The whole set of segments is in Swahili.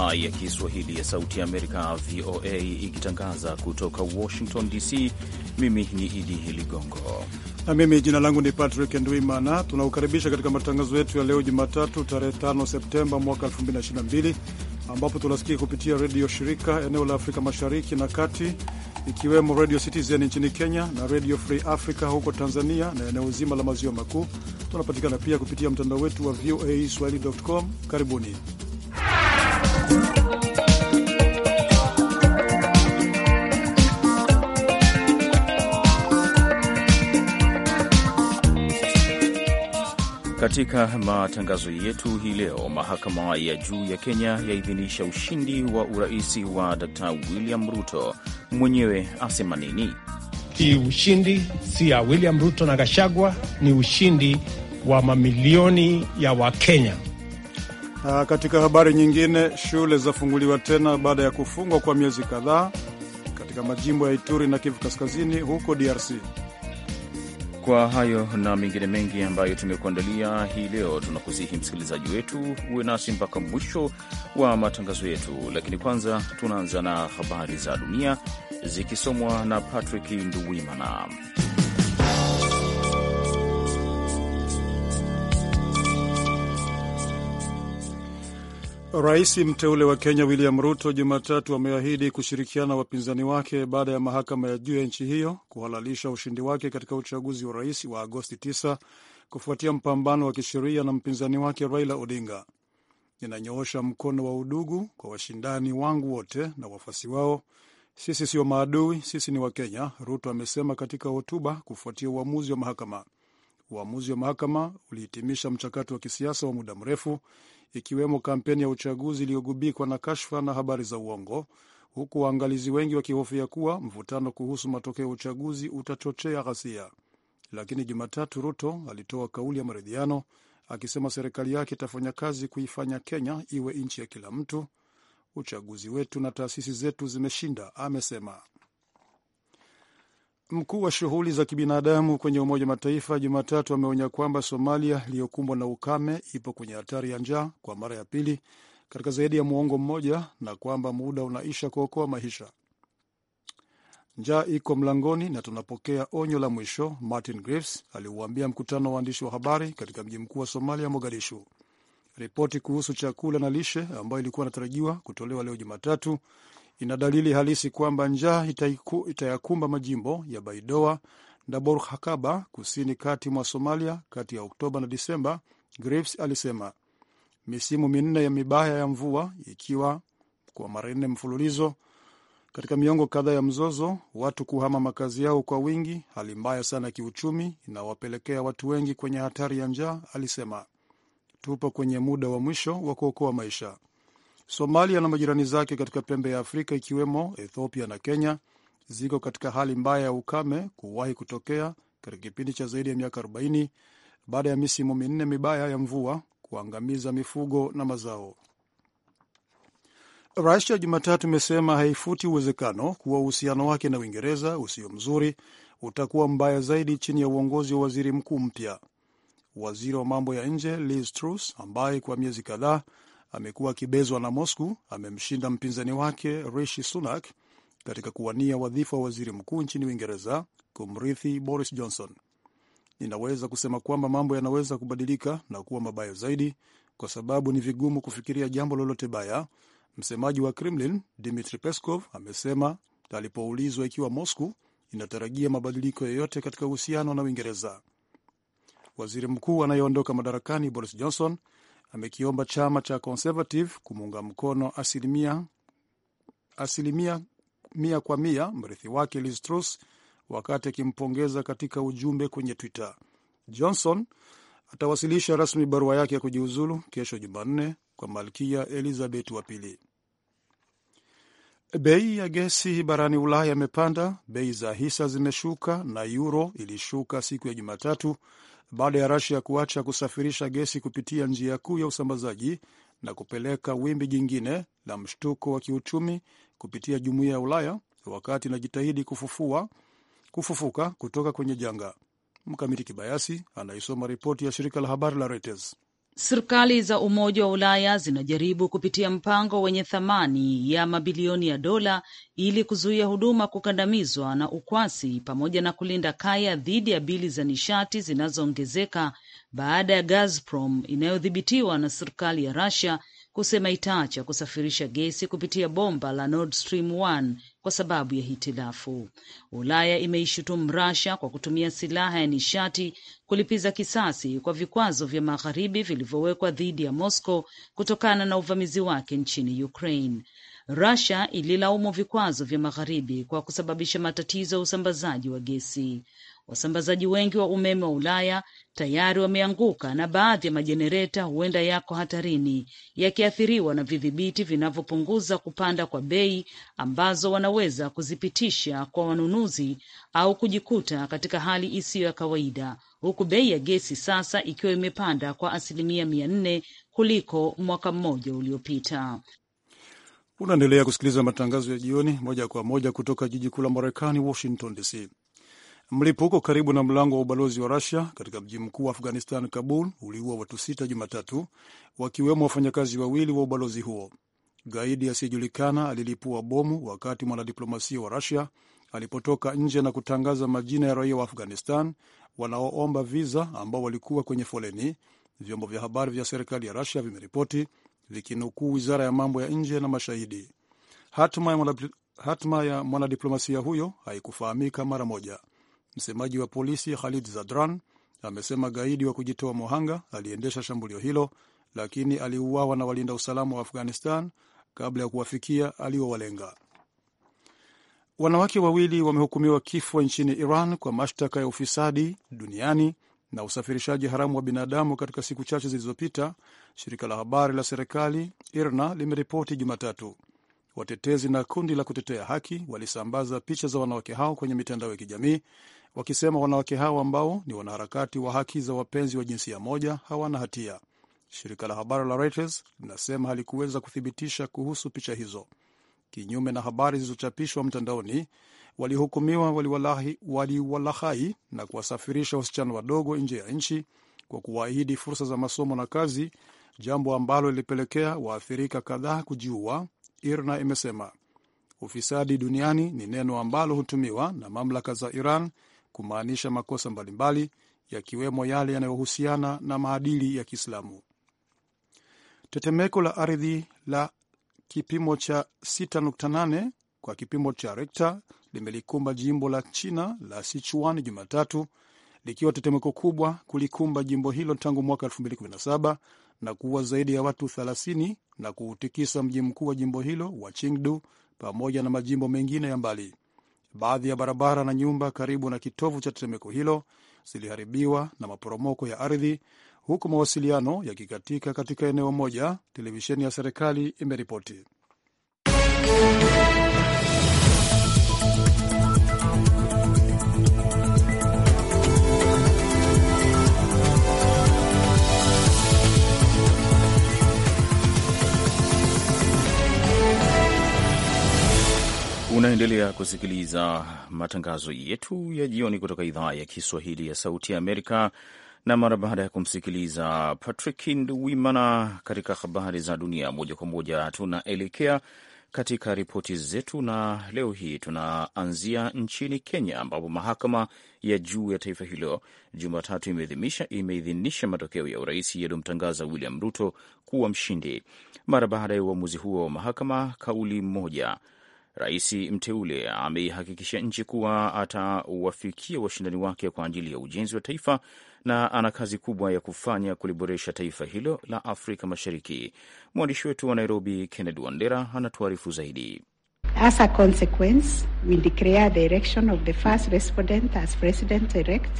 idhaa ya Kiswahili ya Sauti ya Amerika, VOA, ikitangaza kutoka Washington DC. Mimi ni Idi Ligongo na mimi jina langu ni Patrick Ndwimana. Tunakukaribisha katika matangazo yetu ya leo Jumatatu, tarehe 5 Septemba mwaka 2022 ambapo tunasikia kupitia redio shirika eneo la Afrika Mashariki na Kati, ikiwemo Radio Citizen nchini Kenya na Radio Free Africa huko Tanzania na eneo zima la maziwa makuu. Tunapatikana pia kupitia mtandao wetu wa VOA swahili.com. Karibuni. Katika matangazo yetu hii leo, mahakama ya juu ya Kenya yaidhinisha ushindi wa urais wa d William Ruto. Mwenyewe asema nini? Ni ushindi si ya William Ruto na Gashagwa, ni ushindi wa mamilioni ya Wakenya. Ah, katika habari nyingine, shule zafunguliwa tena baada ya kufungwa kwa miezi kadhaa katika majimbo ya Ituri na Kivu Kaskazini huko DRC. Kwa hayo na mengine mengi ambayo tumekuandalia hii leo, tunakusihi msikilizaji wetu uwe nasi mpaka mwisho wa matangazo yetu, lakini kwanza tunaanza na habari za dunia zikisomwa na Patrick Nduwimana. Rais mteule wa Kenya William Ruto Jumatatu ameahidi kushirikiana na wapinzani wake baada ya mahakama ya juu ya nchi hiyo kuhalalisha ushindi wake katika uchaguzi wa rais wa Agosti 9 kufuatia mpambano wa kisheria na mpinzani wake Raila Odinga. Ninanyoosha mkono wa udugu kwa washindani wangu wote na wafuasi wao. Sisi sio maadui, sisi ni Wakenya, Ruto amesema katika hotuba kufuatia uamuzi wa mahakama. Uamuzi wa mahakama ulihitimisha mchakato wa kisiasa wa muda mrefu ikiwemo kampeni ya uchaguzi iliyogubikwa na kashfa na habari za uongo, huku waangalizi wengi wakihofia kuwa mvutano kuhusu matokeo ya uchaguzi utachochea ghasia. Lakini Jumatatu, Ruto alitoa kauli ya maridhiano akisema serikali yake itafanya kazi kuifanya Kenya iwe nchi ya kila mtu. Uchaguzi wetu na taasisi zetu zimeshinda, amesema. Mkuu wa shughuli za kibinadamu kwenye Umoja wa Mataifa Jumatatu ameonya kwamba Somalia iliyokumbwa na ukame ipo kwenye hatari ya njaa kwa mara ya pili katika zaidi ya muongo mmoja na kwamba muda unaisha kuokoa maisha. Njaa iko mlangoni na tunapokea onyo la mwisho, Martin Griffiths aliuambia mkutano wa waandishi wa habari katika mji mkuu wa Somalia, Mogadishu. Ripoti kuhusu chakula na lishe ambayo ilikuwa inatarajiwa kutolewa leo Jumatatu ina dalili halisi kwamba njaa itayakumba majimbo ya Baidoa na Bor Hakaba kusini kati mwa Somalia kati ya Oktoba na Disemba, Griffiths alisema. Misimu minne ya mibaya ya mvua ikiwa kwa mara nne mfululizo katika miongo kadhaa ya mzozo, watu kuhama makazi yao kwa wingi, hali mbaya sana ya kiuchumi inawapelekea watu wengi kwenye hatari ya njaa, alisema. Tupo kwenye muda wa mwisho wa kuokoa maisha. Somalia na majirani zake katika pembe ya Afrika ikiwemo Ethiopia na Kenya ziko katika hali mbaya ya ukame kuwahi kutokea katika kipindi cha zaidi ya miaka 40 baada ya misimu minne mibaya ya mvua kuangamiza mifugo na mazao. Rusia Jumatatu imesema haifuti uwezekano kuwa uhusiano wake na Uingereza usio mzuri utakuwa mbaya zaidi chini ya uongozi wa waziri mkuu mpya. Waziri wa mambo ya nje Liz Truss ambaye kwa miezi kadhaa amekuwa akibezwa na Moscow amemshinda mpinzani wake Rishi Sunak katika kuwania wadhifa wa waziri mkuu nchini Uingereza kumrithi Boris Johnson. Ninaweza kusema kwamba mambo yanaweza kubadilika na kuwa mabaya zaidi, kwa sababu ni vigumu kufikiria jambo lolote baya, msemaji wa Kremlin Dmitri Peskov amesema alipoulizwa ikiwa Moscow inatarajia mabadiliko yoyote katika uhusiano na Uingereza. Waziri mkuu anayeondoka madarakani Boris Johnson amekiomba chama cha Conservative kumuunga mkono asilimia, asilimia mia kwa mia mrithi wake Liz Truss wakati akimpongeza katika ujumbe kwenye Twitter. Johnson atawasilisha rasmi barua yake ya kujiuzulu kesho Jumanne kwa Malkia Elizabeth wa Pili. Bei ya gesi barani Ulaya amepanda bei za hisa zimeshuka na yuro ilishuka siku ya Jumatatu baada ya Russia kuacha kusafirisha gesi kupitia njia kuu ya usambazaji na kupeleka wimbi jingine la mshtuko wa kiuchumi kupitia jumuiya ya Ulaya wakati inajitahidi kufufua kufufuka kutoka kwenye janga. Mkamiti Kibayasi anaisoma ripoti ya shirika la habari la Reuters. Serikali za Umoja wa Ulaya zinajaribu kupitia mpango wenye thamani ya mabilioni ya dola ili kuzuia huduma kukandamizwa na ukwasi pamoja na kulinda kaya dhidi ya bili za nishati zinazoongezeka baada ya Gazprom inayodhibitiwa na serikali ya Russia kusema itaacha kusafirisha gesi kupitia bomba la Nord Stream 1 kwa sababu ya hitilafu. Ulaya imeishutumu Russia kwa kutumia silaha ya nishati kulipiza kisasi kwa vikwazo vya magharibi vilivyowekwa dhidi ya Moscow kutokana na uvamizi wake nchini Ukraine. Russia ililaumu vikwazo vya magharibi kwa kusababisha matatizo ya usambazaji wa gesi. Wasambazaji wengi wa umeme wa Ulaya tayari wameanguka na baadhi ya majenereta huenda yako hatarini, yakiathiriwa na vidhibiti vinavyopunguza kupanda kwa bei ambazo wanaweza kuzipitisha kwa wanunuzi au kujikuta katika hali isiyo ya kawaida, huku bei ya gesi sasa ikiwa imepanda kwa asilimia mia nne kuliko mwaka mmoja uliopita. Unaendelea kusikiliza matangazo ya jioni moja kwa moja kutoka jiji kuu la Marekani, Washington DC. Mlipuko karibu na mlango wa ubalozi wa Rusia katika mji mkuu wa Afghanistan, Kabul, uliua watu sita Jumatatu, wakiwemo wafanyakazi wawili wa ubalozi huo. Gaidi asiyejulikana alilipua bomu wakati mwanadiplomasia wa Rusia alipotoka nje na kutangaza majina ya raia wa Afghanistan wanaoomba viza ambao walikuwa kwenye foleni, vyombo vya habari vya serikali ya Rusia vimeripoti vikinukuu wizara ya mambo ya nje na mashahidi. Hatma ya mwanadiplomasia huyo haikufahamika mara moja. Msemaji wa polisi Khalid Zadran amesema gaidi wa kujitoa mohanga aliendesha shambulio hilo, lakini aliuawa na walinda usalama wa Afghanistan kabla ya kuwafikia aliowalenga. Wanawake wawili wamehukumiwa kifo nchini Iran kwa mashtaka ya ufisadi duniani na usafirishaji haramu wa binadamu katika siku chache zilizopita, shirika la habari la serikali IRNA limeripoti Jumatatu. Watetezi na kundi la kutetea haki walisambaza picha za wanawake hao kwenye mitandao ya kijamii wakisema wanawake hao ambao ni wanaharakati wa haki za wapenzi wa jinsia moja hawana hatia. Shirika la habari la Reuters linasema halikuweza kuthibitisha kuhusu picha hizo. Kinyume na habari zilizochapishwa mtandaoni, walihukumiwa waliwalahai na kuwasafirisha wasichana wadogo nje ya nchi kwa kuwaahidi fursa za masomo na kazi, jambo ambalo lilipelekea waathirika kadhaa kujiua. IRNA imesema ufisadi duniani ni neno ambalo hutumiwa na mamlaka za Iran kumaanisha makosa mbalimbali yakiwemo yale yanayohusiana na maadili ya Kiislamu. Tetemeko la ardhi la kipimo cha 6.8 kwa kipimo cha Rekta limelikumba jimbo la China la Sichuan Jumatatu, likiwa tetemeko kubwa kulikumba jimbo hilo tangu mwaka 2017 na kuua zaidi ya watu 30 na kuutikisa mji mkuu wa jimbo hilo wa Chengdu pamoja na majimbo mengine ya mbali. Baadhi ya barabara na nyumba karibu na kitovu cha tetemeko hilo ziliharibiwa na maporomoko ya ardhi, huku mawasiliano yakikatika katika eneo moja, televisheni ya serikali imeripoti. Unaendelea kusikiliza matangazo yetu ya jioni kutoka idhaa ya Kiswahili ya Sauti ya Amerika. Na mara baada ya kumsikiliza Patrick Nduwimana katika habari za dunia moja kwa moja, tunaelekea katika ripoti zetu, na leo hii tunaanzia nchini Kenya, ambapo mahakama ya juu ya taifa hilo Jumatatu imeidhinisha imeidhinisha matokeo ya urais yaliyomtangaza William Ruto kuwa mshindi. Mara baada ya uamuzi huo wa mahakama, kauli moja Rais mteule ameihakikishia nchi kuwa atawafikia washindani wake kwa ajili ya ujenzi wa taifa na ana kazi kubwa ya kufanya kuliboresha taifa hilo la Afrika Mashariki. Mwandishi wetu wa Nairobi, Kennedy Wandera, anatuarifu zaidi. As a consequence, we declare the election of the first respondent as president elect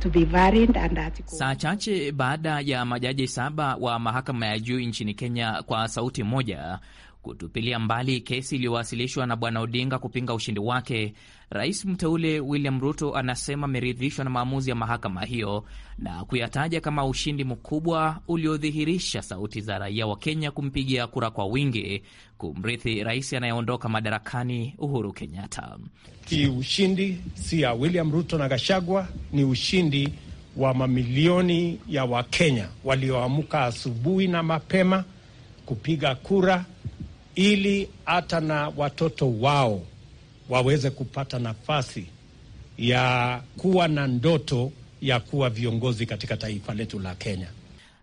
to be varied and article. Saa chache baada ya majaji saba wa mahakama ya juu nchini Kenya kwa sauti moja kutupilia mbali kesi iliyowasilishwa na Bwana Odinga kupinga ushindi wake. Rais mteule William Ruto anasema ameridhishwa na maamuzi ya mahakama hiyo na kuyataja kama ushindi mkubwa uliodhihirisha sauti za raia wa Kenya kumpigia kura kwa wingi kumrithi rais anayeondoka madarakani Uhuru Kenyatta. hii ushindi si ya William Ruto na Gashagwa, ni ushindi wa mamilioni ya Wakenya walioamka asubuhi na mapema kupiga kura ili hata na watoto wao waweze kupata nafasi ya kuwa na ndoto ya kuwa viongozi katika taifa letu la Kenya.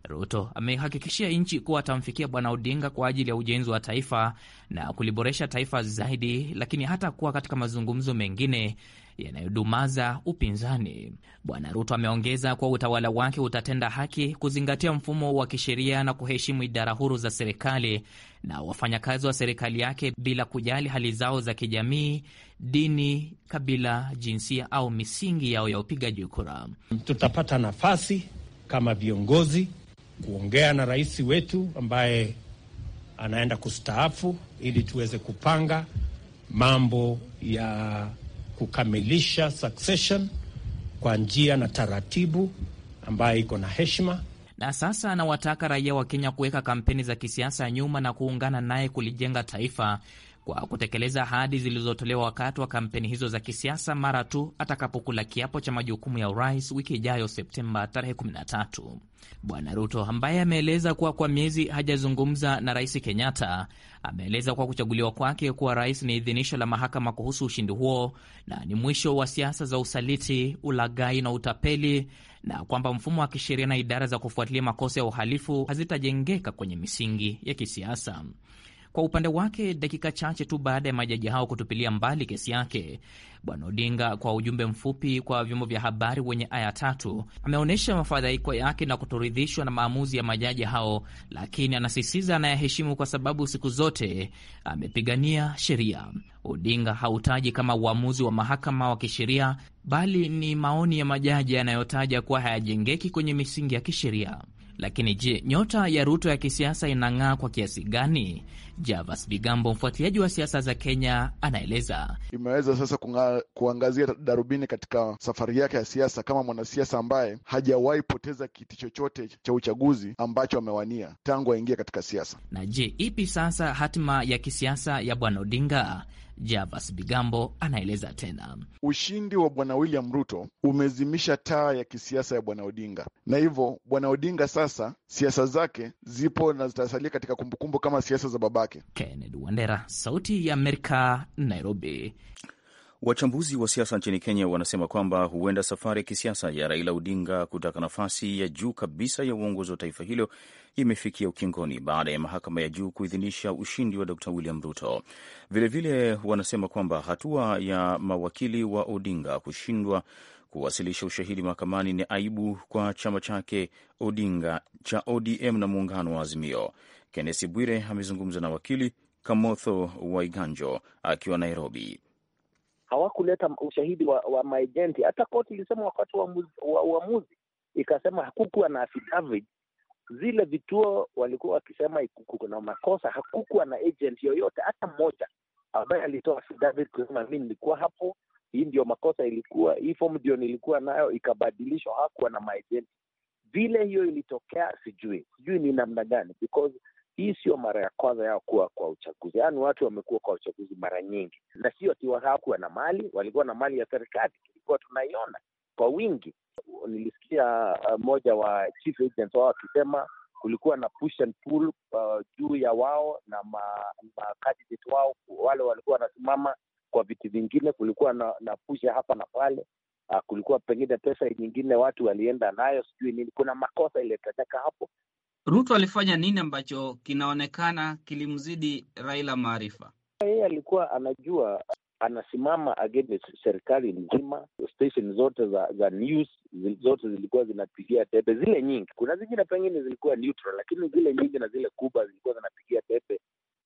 Ruto amehakikishia nchi kuwa atamfikia Bwana Odinga kwa ajili ya ujenzi wa taifa na kuliboresha taifa zaidi, lakini hata kuwa katika mazungumzo mengine yanayodumaza upinzani. Bwana Ruto ameongeza kuwa utawala wake utatenda haki, kuzingatia mfumo wa kisheria na kuheshimu idara huru za serikali na wafanyakazi wa serikali yake bila kujali hali zao za kijamii, dini, kabila, jinsia au misingi yao ya upigaji kura. Tutapata nafasi kama viongozi kuongea na rais wetu ambaye anaenda kustaafu ili tuweze kupanga mambo ya kukamilisha succession kwa njia na taratibu ambayo iko na heshima. Na sasa anawataka raia wa Kenya kuweka kampeni za kisiasa nyuma na kuungana naye kulijenga taifa kwa kutekeleza ahadi zilizotolewa wakati wa kampeni hizo za kisiasa mara tu atakapokula kiapo cha majukumu ya urais wiki ijayo Septemba tarehe 13. Bwana Ruto ambaye ameeleza kuwa kwa miezi hajazungumza na Rais Kenyatta ameeleza kuwa kuchaguliwa kwake kuwa rais ni idhinisho la mahakama kuhusu ushindi huo na ni mwisho wa siasa za usaliti, ulagai na utapeli na kwamba mfumo wa kisheria na idara za kufuatilia makosa ya uhalifu hazitajengeka kwenye misingi ya kisiasa. Kwa upande wake, dakika chache tu baada ya majaji hao kutupilia mbali kesi yake, Bwana Odinga kwa ujumbe mfupi kwa vyombo vya habari wenye aya tatu ameonyesha mafadhaiko yake na kutoridhishwa na maamuzi ya majaji hao, lakini anasisitiza anayaheshimu kwa sababu siku zote amepigania sheria. Odinga hautaji kama uamuzi wa mahakama wa kisheria, bali ni maoni ya majaji yanayotaja kuwa hayajengeki kwenye misingi ya kisheria. Lakini je, nyota ya Ruto ya kisiasa inang'aa kwa kiasi gani? Javas Bigambo, mfuatiliaji wa siasa za Kenya, anaeleza. Imeweza sasa kunga, kuangazia darubini katika safari yake ya siasa kama mwanasiasa ambaye hajawahi poteza kiti chochote cha uchaguzi ambacho amewania tangu aingia katika siasa. Na je, ipi sasa hatima ya kisiasa ya Bwana Odinga? Javas Bigambo anaeleza tena. Ushindi wa bwana William Ruto umezimisha taa ya kisiasa ya bwana Odinga, na hivyo bwana Odinga sasa siasa zake zipo na zitasalia katika kumbukumbu kama siasa za babake. Kennedy Wandera, Sauti ya Amerika, Nairobi. Wachambuzi wa siasa nchini Kenya wanasema kwamba huenda safari ya kisiasa ya Raila Odinga kutaka nafasi ya juu kabisa ya uongozi wa taifa hilo imefikia ukingoni baada ya mahakama ya juu kuidhinisha ushindi wa Dr William Ruto. Vilevile vile wanasema kwamba hatua ya mawakili wa Odinga kushindwa kuwasilisha ushahidi mahakamani ni aibu kwa chama chake Odinga cha ODM na muungano wa Azimio. Kennesi Bwire amezungumza na wakili Kamotho Waiganjo akiwa Nairobi hawakuleta ushahidi wa, wa maejenti. Hata koti ilisema wakati wa uamuzi ikasema hakukuwa na affidavit zile vituo walikuwa wakisema kuna makosa, hakukuwa na agent yoyote hata mmoja ambaye alitoa affidavit kusema mi nilikuwa hapo, hii ndio makosa ilikuwa, hii fomu ndio nilikuwa nayo ikabadilishwa, hakuwa na maejenti Vile hiyo ilitokea, sijui sijui ni namna gani because hii sio mara ya kwanza yao kuwa kwa uchaguzi, yaani watu wamekuwa kwa uchaguzi mara nyingi, na sio ati hawakuwa na mali, walikuwa na mali ya serikali, tulikuwa tunaiona kwa wingi. Nilisikia mmoja uh, wa chief agents wao akisema kulikuwa na push and pull uh, juu ya wao na makandidate ma wao wale walikuwa wanasimama kwa viti vingine, kulikuwa na, na pusha hapa na pale. Uh, kulikuwa pengine pesa nyingine watu walienda nayo sijui nini. Kuna makosa ilitendeka hapo, Ruto alifanya nini ambacho kinaonekana kilimzidi Raila maarifa? Yeye alikuwa anajua anasimama against serikali nzima. Station zote za za news zote zilikuwa zinapigia tepe, zile nyingi. Kuna zingine pengine zilikuwa neutral, lakini zile nyingi na zile kubwa zilikuwa zinapigia tepe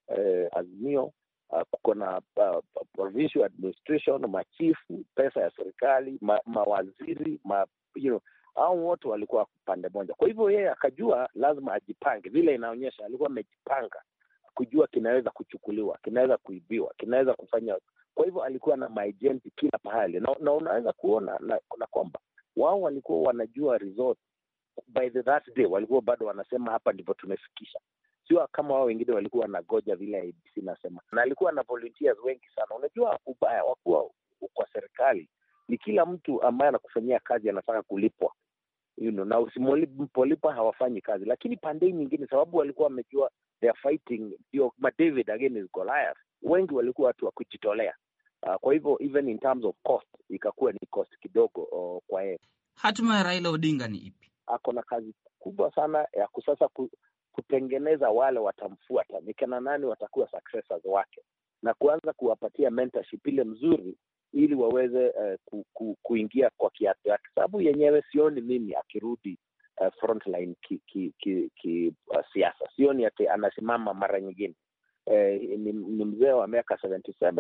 eh, Azimio. Uh, kuko na uh, provincial administration, machifu, pesa ya serikali, ma, mawaziri ma, you know, au wote walikuwa pande moja. Kwa hivyo yeye akajua lazima ajipange, vile inaonyesha alikuwa amejipanga kujua kinaweza kuchukuliwa, kinaweza kuibiwa, kinaweza kufanya. Kwa hivyo alikuwa na maejenti kila pahali, na, na unaweza kuona na, na kwamba wao walikuwa wanajua resort by the that day, walikuwa bado wanasema hapa ndivyo tumefikisha, sio kama wao wengine walikuwa wanagoja vile ABC nasema, na alikuwa na volunteers wengi sana. Unajua ubaya wakuwa kwa serikali ni kila mtu ambaye anakufanyia kazi anataka kulipwa you know, na usipolipa hawafanyi kazi. Lakini pande nyingine, sababu walikuwa wamejua they are fighting your David against Goliath, wengi walikuwa watu wa kujitolea. Uh, kwa hivyo even in terms of cost ikakuwa ni cost kidogo uh, kwa yeye. Hatima ya Raila Odinga ni ipi? Ako na kazi kubwa sana ya kusasa ku, kutengeneza wale watamfuata ni nani watakuwa successors wake na kuanza kuwapatia mentorship ile mzuri ili waweze uh, ku, ku, kuingia kwa kiasi yake, sababu yenyewe sioni mimi akirudi uh, frontline ki, ki, ki, ki uh, siasa. Sioni ati anasimama mara nyingine. Eh, ni, ni mzee wa miaka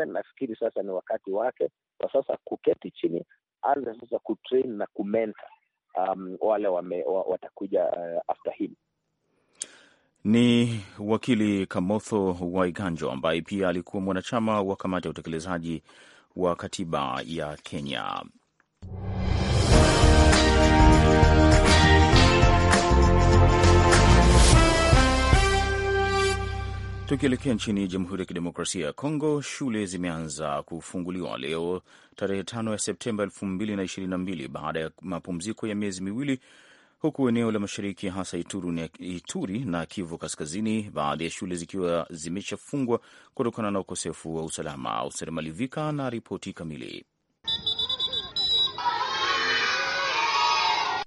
nafikiri sasa ni wakati wake kwa sasa kuketi chini, anza sasa kutrain na kumenta um, wale wame, wa, watakuja uh, after him ni wakili Kamotho Waiganjo ambaye pia alikuwa mwanachama wa kamati ya utekelezaji wa katiba ya Kenya. Tukielekea nchini Jamhuri ya Kidemokrasia ya Kongo, shule zimeanza kufunguliwa leo tarehe 5 ya Septemba 2022 baada ya mapumziko ya miezi miwili huku eneo la mashariki hasa Ituri, Ituri na Kivu Kaskazini, baadhi ya shule zikiwa zimeshafungwa kutokana na ukosefu wa usalama. Usere na ripoti kamili.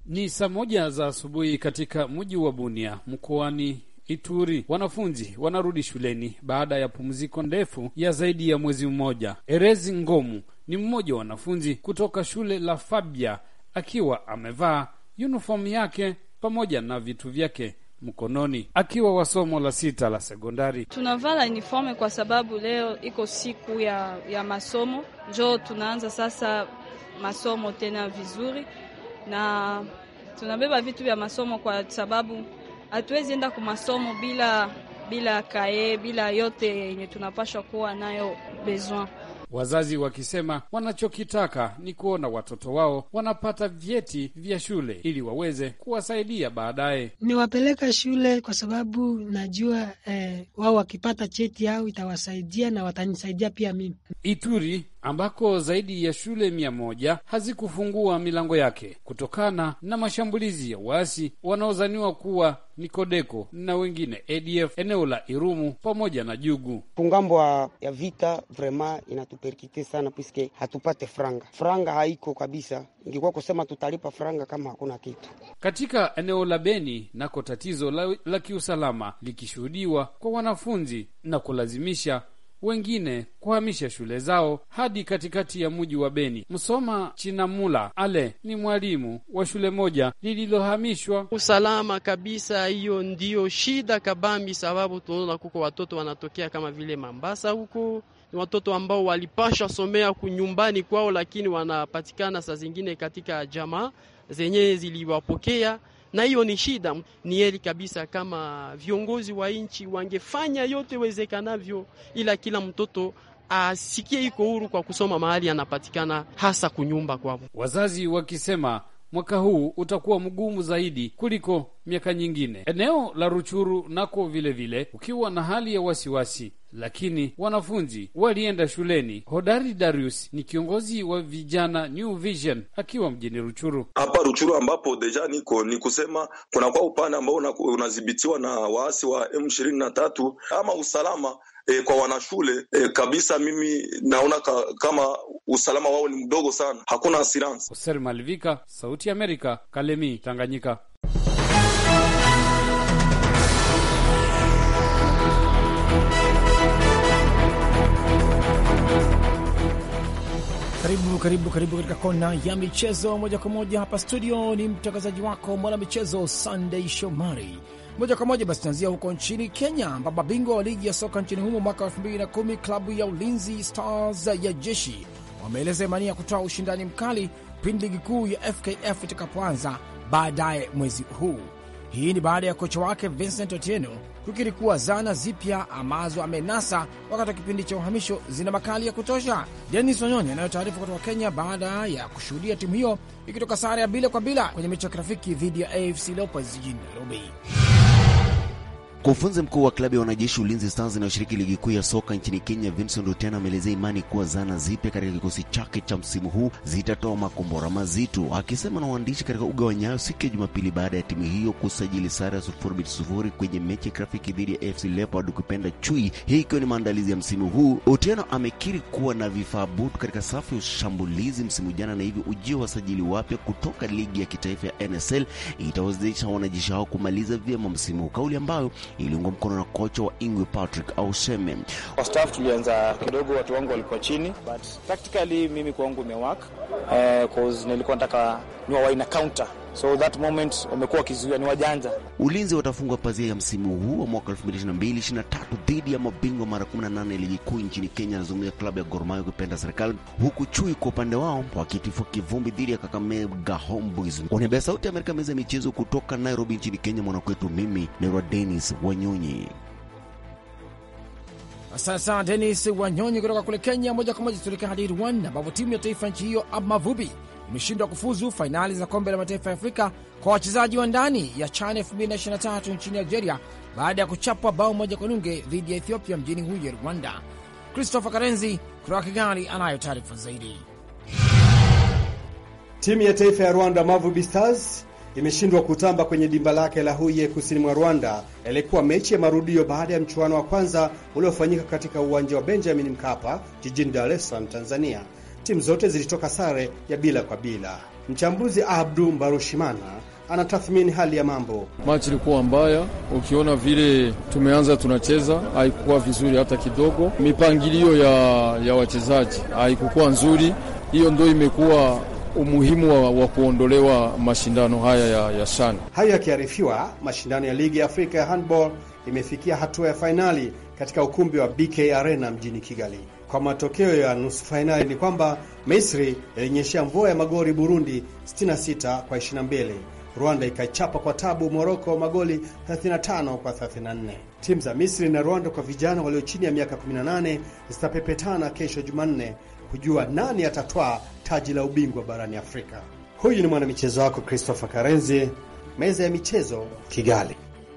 Ni saa moja za asubuhi katika mji wa Bunia mkoani Ituri. Wanafunzi wanarudi shuleni baada ya pumziko ndefu ya zaidi ya mwezi mmoja. Erezi Ngomu ni mmoja wa wanafunzi kutoka shule la Fabia akiwa amevaa unifomu yake pamoja na vitu vyake mkononi akiwa wa somo la sita la sekondari. Tunavala uniforme kwa sababu leo iko siku ya, ya masomo, njo tunaanza sasa masomo tena vizuri, na tunabeba vitu vya masomo kwa sababu hatuwezi enda ku masomo bila bila kae bila yote yenye tunapashwa kuwa nayo besoin wazazi wakisema wanachokitaka ni kuona watoto wao wanapata vyeti vya shule ili waweze kuwasaidia baadaye. Niwapeleka shule kwa sababu najua eh, wao wakipata cheti yao itawasaidia na watanisaidia pia mimi. Ituri ambako zaidi ya shule mia moja hazikufungua milango yake kutokana na mashambulizi ya waasi wanaozaniwa kuwa ni Kodeko na wengine ADF eneo la Irumu pamoja na Jugu. Kungambo ya vita vrema inatuperkite sana, puiske hatupate franga, franga haiko kabisa. Ingekuwa kusema tutalipa franga kama hakuna kitu. Katika eneo la Beni nako tatizo la, la kiusalama likishuhudiwa kwa wanafunzi na kulazimisha wengine kuhamisha shule zao hadi katikati ya mji wa Beni. Msoma Chinamula Ale ni mwalimu wa shule moja lililohamishwa. Usalama kabisa, hiyo ndiyo shida kabambi, sababu tunaona kuko watoto wanatokea kama vile Mambasa huko ni watoto ambao walipasha somea kunyumbani kwao, lakini wanapatikana saa zingine katika jamaa zenyewe ziliwapokea na hiyo ni shida. Ni heri kabisa kama viongozi wa nchi wangefanya yote wezekanavyo, ila kila mtoto asikie iko huru kwa kusoma mahali anapatikana, hasa kunyumba kwao. Wazazi wakisema mwaka huu utakuwa mgumu zaidi kuliko miaka nyingine. Eneo la Ruchuru nako vilevile vile, ukiwa na hali ya wasiwasi lakini wanafunzi walienda shuleni. Hodari Darius ni kiongozi wa vijana New Vision akiwa mjini Ruchuru. Hapa Ruchuru ambapo deja niko ni kusema kunakuwa upande ambao unadhibitiwa na waasi wa M ishirini na tatu ama usalama E, kwa wanashule e, kabisa mimi naona ka, kama usalama wao ni mdogo sana, hakuna asiransi. Hoser Malivika, Sauti ya Amerika, Kalemi, Tanganyika. Karibu karibu karibu katika kona ya michezo moja kwa moja hapa studio. Ni mtangazaji wako mwana michezo Sunday Shomari. Moja kwa moja basi tunaanzia huko nchini Kenya, ambapo mabingwa wa ligi ya soka nchini humo mwaka 2010 klabu ya Ulinzi Stars ya jeshi wameeleza imani ya kutoa ushindani mkali pindi ligi kuu ya FKF itakapoanza baadaye mwezi huu. Hii ni baada ya kocha wake Vincent Otieno kukiri kuwa zana zipya ambazo amenasa wakati wa kipindi cha uhamisho zina makali ya kutosha. Denis Wanyonyi anayo taarifa kutoka Kenya baada ya kushuhudia timu hiyo ikitoka sare ya bila kwa bila kwenye mechi ya kirafiki dhidi ya AFC Leopards jijini Nairobi. Mkufunzi mkuu wa klabu ya wanajeshi Ulinzi Stars inayoshiriki ligi kuu ya soka nchini Kenya, Vincent Rutena, ameelezea imani kuwa zana zipya katika kikosi chake cha msimu huu zitatoa makombora mazito, akisema na waandishi katika uga wa Nyayo siku ya Jumapili baada ya timu hiyo kusajili sare ya sufuri bila sufuri kwenye mechi grafiki dhidi ya AFC Leopards ukipenda chui, hii ikiwa ni maandalizi ya msimu huu. Otieno amekiri kuwa na vifaa butu katika safu ya ushambulizi msimu jana, na hivyo ujio wasajili wapya kutoka ligi ya kitaifa ya NSL itawezesha wanajeshi hao kumaliza vyema msimu huu, kauli ambayo iliungwa mkono na kocha wa Ingwe Patrick Auseme. Kwa staff tulianza kidogo, watu wangu walikuwa chini, but practically mimi kwangu imework, eh, cause nilikuwa nataka niwawaina counter So that moment wamekuwa wakizuia, ni wajanja. Ulinzi watafungwa pazia ya msimu huu wa mwaka 2022 dhidi ya mabingwa mara 18 ya ligi kuu nchini Kenya, anazungumzia klabu ya Gor Mahia kupenda serikali, huku chui kwa upande wao wakitifua kivumbi dhidi ya Kakamega Homeboys. Kwa niaba ya Sauti ya Amerika, meza ya michezo kutoka Nairobi nchini Kenya, mwanakwetu mimi Nerwa Denis Wanyonyi. Asante sana Denis Wanyonyi kutoka kule Kenya. Moja kwa moja tuelekea hadi Rwanda, ambapo timu ya taifa nchi hiyo Amavubi imeshindwa kufuzu fainali za kombe la mataifa ya Afrika kwa wachezaji wa ndani ya CHAN 2023 nchini Algeria baada ya kuchapwa bao moja kwa nunge dhidi ya Ethiopia mjini Huye, Rwanda. Christopher Karenzi kutoka Kigali anayo taarifa zaidi. Timu ya taifa ya Rwanda Mavubi Stars imeshindwa kutamba kwenye dimba lake la Huye kusini mwa Rwanda. yalikuwa mechi ya marudio baada ya mchuano wa kwanza uliofanyika katika uwanja wa Benjamin Mkapa jijini Dar es Salaam, Tanzania timu zote zilitoka sare ya bila kwa bila. Mchambuzi Abdu Mbarushimana anatathmini hali ya mambo. Machi ilikuwa mbaya, ukiona vile tumeanza tunacheza haikukuwa vizuri hata kidogo. Mipangilio ya, ya wachezaji haikukuwa nzuri, hiyo ndo imekuwa umuhimu wa, wa kuondolewa mashindano haya ya, ya shani. Hayo yakiarifiwa, mashindano ya ligi ya Afrika ya handball imefikia hatua ya fainali katika ukumbi wa BK Arena mjini Kigali kwa matokeo ya nusu fainali ni kwamba Misri ilinyeshea mvua ya magoli Burundi 66 kwa 22. Rwanda ikachapa kwa tabu Moroko magoli 35 kwa 34. Timu za Misri na Rwanda kwa vijana walio chini ya miaka 18 zitapepetana kesho Jumanne kujua nani atatwaa taji la ubingwa barani Afrika. Huyu ni mwanamichezo wako Christopher Karenzi, meza ya michezo Kigali.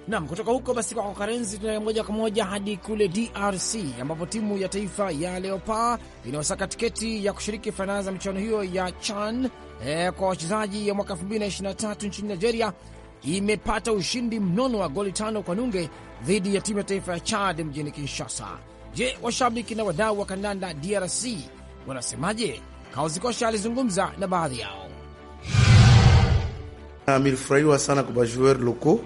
Nam, kutoka huko basi kwako Karenzi, tunaye moja kwa moja hadi kule DRC ambapo timu ya taifa ya Leopard inayosaka tiketi ya kushiriki fainali za michuano hiyo ya CHAN e, kwa wachezaji ya mwaka 2023 nchini Nigeria imepata ushindi mnono wa goli tano kwa nunge dhidi ya timu ya taifa ya Chad mjini Kinshasa. Je, washabiki na wadau wa kandanda DRC wanasemaje? Kaozikosha alizungumza na baadhi yao. Nilifurahiwa ah, sana kwa bajoueur loko uh,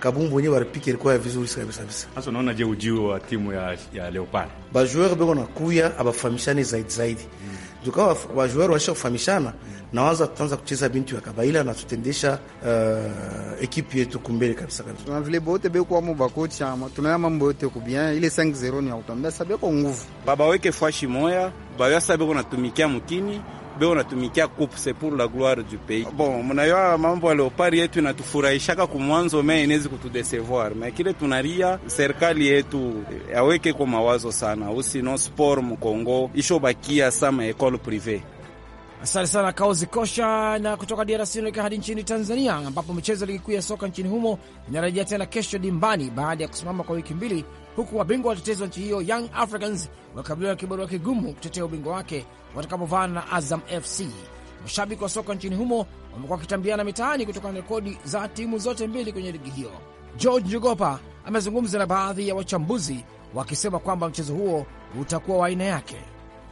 kabumbu wenyewe baripiki ilikuwa ya vizuri kabisa kabisa. Sasa unaona, je, ujio wa timu ya, ya Leopard bajoueur beko nakuya abafahamishane zaidi zaidi mm. Jukawa bajoueur waisha kufahamishana mm. na tutaanza kucheza bintu ya kabaila na tutendesha uh, ah, ekipe yetu kumbele kabisa kabisa na vile bote beko amu bakocha tunaya mambo yote kubia ile 5-0 ni ya kutambia sabeko nguvu baba weke fashi moya baba sabeko natumikia mkini be unatumikia c'est pour la gloire du pays. Bon, mnayoa mambo ya leopari yetu inatufurahishaka kumwanzo, me inezi kutudesevoir me kile tunaria serikali yetu aweke kwa mawazo sana, usino sport mkongo ishobakia sama ekole privée. Asante sana Kaozi Kosha. Na kutoka DRC unaelekea hadi nchini Tanzania, ambapo michezo ya ligi kuu ya soka nchini humo inarejea tena kesho dimbani baada ya kusimama kwa wiki mbili, huku wabingwa watetezi wa nchi hiyo Young Africans wakabiliwa na kibarua kigumu kutetea ubingwa wake watakapovana na Azam FC. Mashabiki wa soka nchini humo wamekuwa wakitambiana mitaani kutokana na rekodi za timu zote mbili kwenye ligi hiyo. George Njogopa amezungumza na baadhi ya wachambuzi wakisema kwamba mchezo huo utakuwa wa aina yake.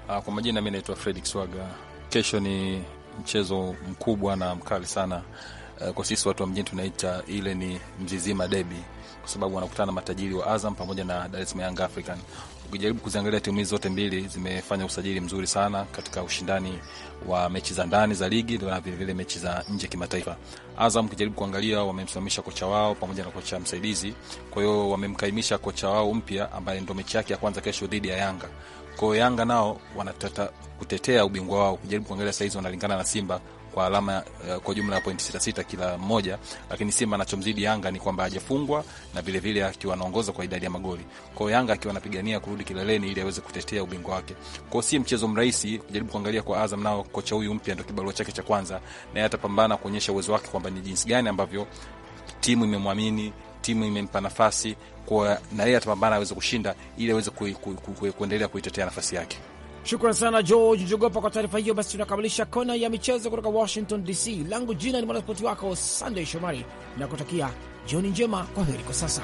Ah, kwa majina, mi naitwa Fredrick Swaga. Kesho ni mchezo mkubwa na mkali sana eh, kwa sisi watu wa mjini tunaita ile ni Mzizima Debi, kwa sababu wanakutana matajiri wa Azam pamoja na Dar es Salaam Young African ukijaribu kuziangalia timu hizi zote mbili zimefanya usajili mzuri sana katika ushindani wa mechi za ndani za ligi na vilevile mechi za nje kimataifa. Azam ukijaribu kuangalia, wamemsimamisha kocha wao pamoja na kocha msaidizi, kwa hiyo wamemkaimisha kocha wao mpya ambaye ndo mechi yake ya kwanza kesho dhidi ya Yanga. Kwa hiyo Yanga nao wanatata kutetea ubingwa wao, kujaribu kuangalia saizi wanalingana na Simba kwa alama eh, kwa jumla ya pointi 66 kila mmoja, lakini Simba anachomzidi Yanga ni kwamba hajafungwa na vilevile vile akiwa anaongoza kwa idadi ya magoli. Kwa hiyo Yanga akiwa anapigania kurudi kileleni ili aweze kutetea ubingwa wake. Kwa hiyo si mchezo mrahisi, kujaribu kuangalia kwa Azam nao kocha huyu mpya ndio kibarua chake cha kwanza, naye atapambana kuonyesha uwezo wake kwamba ni jinsi gani ambavyo timu imemwamini timu imempa nafasi kwa na yeye atapambana aweze kushinda ili aweze kuendelea kuitetea nafasi yake. Shukran sana George Jogopa kwa taarifa hiyo. Basi tunakamilisha kona ya michezo kutoka Washington DC. Langu jina ni mwanaspoti wako Sunday Shomari na kutakia jioni njema. Kwa heri kwa sasa.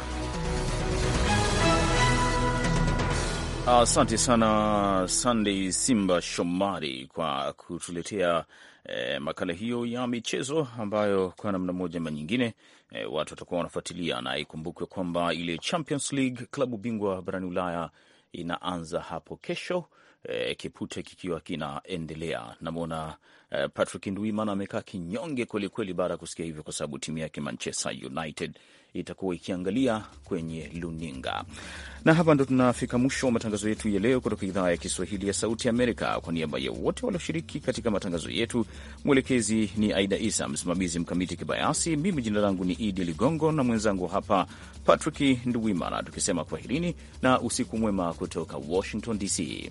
Asante sana Sunday Simba Shomari kwa kutuletea eh, makala hiyo ya michezo ambayo kwa namna moja ama nyingine eh, watu watakuwa wanafuatilia, na ikumbukwe kwamba ile Champions League klabu bingwa barani Ulaya inaanza hapo kesho eh, kipute kikiwa kinaendelea. Namwona eh, Patrick Ndwimana amekaa kinyonge kwelikweli baada ya kusikia hivyo, kwa sababu timu yake Manchester United itakuwa ikiangalia kwenye luninga. Na hapa ndo tunafika mwisho wa matangazo yetu ya leo kutoka idhaa ya Kiswahili ya Sauti Amerika. Kwa niaba ya wote walioshiriki katika matangazo yetu, mwelekezi ni Aida Isa, msimamizi Mkamiti Kibayasi, mimi jina langu ni Idi Ligongo na mwenzangu hapa Patrick Nduwimana, tukisema kwaherini na usiku mwema kutoka Washington DC.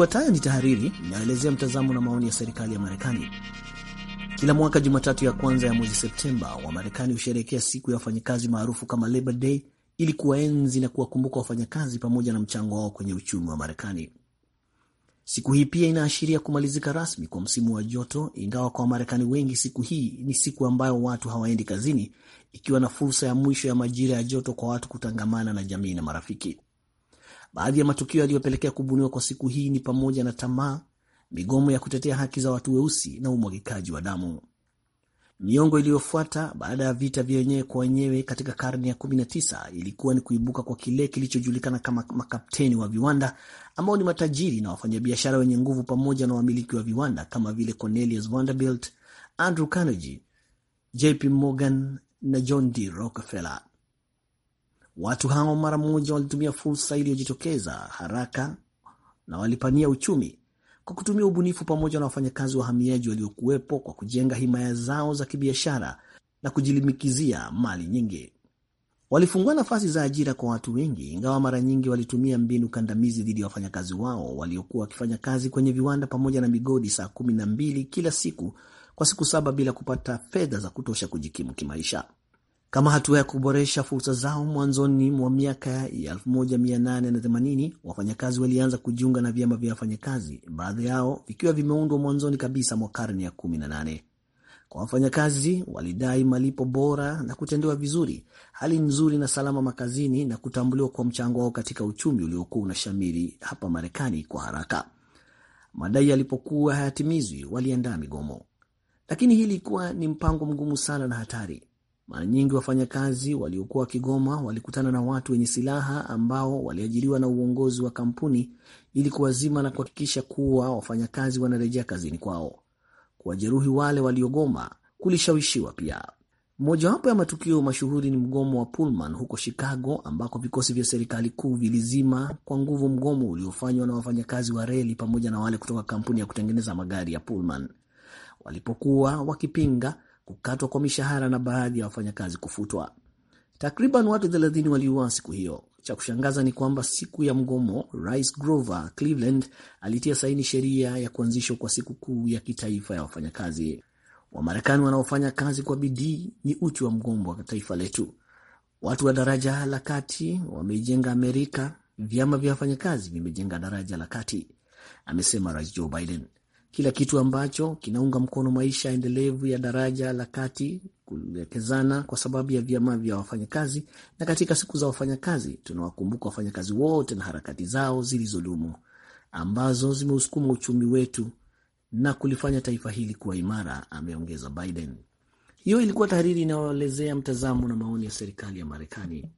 Ifuatayo ni tahariri inayoelezea mtazamo na maoni ya serikali ya Marekani. Kila mwaka Jumatatu ya kwanza ya mwezi Septemba, Wamarekani husherehekea siku ya wafanyakazi maarufu kama Labor Day ili kuwaenzi na kuwakumbuka wafanyakazi pamoja na mchango wao kwenye uchumi wa Marekani. Siku hii pia inaashiria kumalizika rasmi kwa msimu wa joto, ingawa kwa Wamarekani wengi siku hii ni siku ambayo watu hawaendi kazini, ikiwa na fursa ya mwisho ya majira ya joto kwa watu kutangamana na jamii na marafiki. Baadhi ya matukio yaliyopelekea kubuniwa kwa siku hii ni pamoja na tamaa, migomo ya kutetea haki za watu weusi na umwagikaji wa damu. Miongo iliyofuata baada ya vita vya wenyewe kwa wenyewe katika karne ya 19 ilikuwa ni kuibuka kwa kile kilichojulikana kama makapteni wa viwanda ambao ni matajiri na wafanyabiashara wenye nguvu pamoja na wamiliki wa viwanda kama vile Cornelius Vanderbilt, Andrew Carnegie, JP Morgan na John D. Rockefeller. Watu hao mara moja walitumia fursa iliyojitokeza haraka na walipania uchumi kwa kutumia ubunifu pamoja na wafanyakazi wahamiaji waliokuwepo kwa kujenga himaya zao za kibiashara na kujilimikizia mali nyingi. Walifungua nafasi za ajira kwa watu wengi, ingawa mara nyingi walitumia mbinu kandamizi dhidi ya wafanyakazi wao waliokuwa wakifanya kazi kwenye viwanda pamoja na migodi saa kumi na mbili kila siku kwa siku saba bila kupata fedha za kutosha kujikimu kimaisha kama hatua ya kuboresha fursa zao. Mwanzoni mwa miaka ya 1880 wafanyakazi walianza kujiunga na vyama vya wafanyakazi, baadhi yao vikiwa vimeundwa mwanzoni kabisa mwa karne ya 18. Kwa wafanyakazi walidai malipo bora na kutendewa vizuri, hali nzuri na salama makazini, na kutambuliwa kwa mchango wao katika uchumi uliokuwa unashamiri hapa Marekani kwa haraka. Madai yalipokuwa hayatimizwi, waliandaa migomo, lakini hii ilikuwa ni mpango mgumu sana na hatari. Mara nyingi wafanyakazi waliokuwa wakigoma walikutana na watu wenye silaha ambao waliajiriwa na uongozi wa kampuni ili kuwazima na kuhakikisha kuwa wafanyakazi wanarejea kazini kwao. Kuwajeruhi wale waliogoma kulishawishiwa pia. Mojawapo ya matukio mashuhuri ni mgomo wa Pullman huko Chicago, ambako vikosi vya serikali kuu vilizima kwa nguvu mgomo uliofanywa na wafanyakazi wa reli pamoja na wale kutoka kampuni ya kutengeneza magari ya Pullman. Walipokuwa wakipinga, kukatwa kwa mishahara na baadhi ya wafanyakazi kufutwa. Takriban watu 30 waliuawa siku hiyo. Cha kushangaza ni kwamba siku ya mgomo, Rais Grover Cleveland alitia saini sheria ya kuanzishwa kwa siku kuu ya kitaifa ya wafanyakazi. Wamarekani wanaofanya kazi kwa bidii ni uti wa mgongo wa taifa letu. Watu wa daraja la kati wameijenga Amerika, vyama vya wafanyakazi vimejenga daraja la kati, amesema Rais Joe Biden kila kitu ambacho kinaunga mkono maisha endelevu ya daraja la kati kuelekezana kwa sababu ya vyama vya wafanyakazi. Na katika siku za wafanyakazi, tunawakumbuka wafanyakazi wote na harakati zao zilizodumu ambazo zimeusukuma uchumi wetu na kulifanya taifa hili kuwa imara, ameongeza Biden. Hiyo ilikuwa tahariri inayoelezea mtazamo na maoni ya serikali ya Marekani.